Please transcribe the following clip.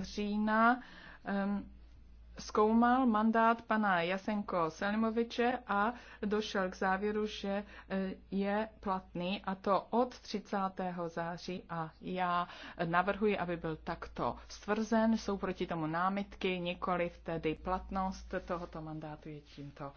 října um, zkoumal mandát pana Jasenko Selimoviče a došel k závěru, že eh, je platný a to od 30. září a já navrhuji, aby byl takto stvrzen. Jsou proti tomu námitky, nikoli tedy platnost tohoto mandátu je tímto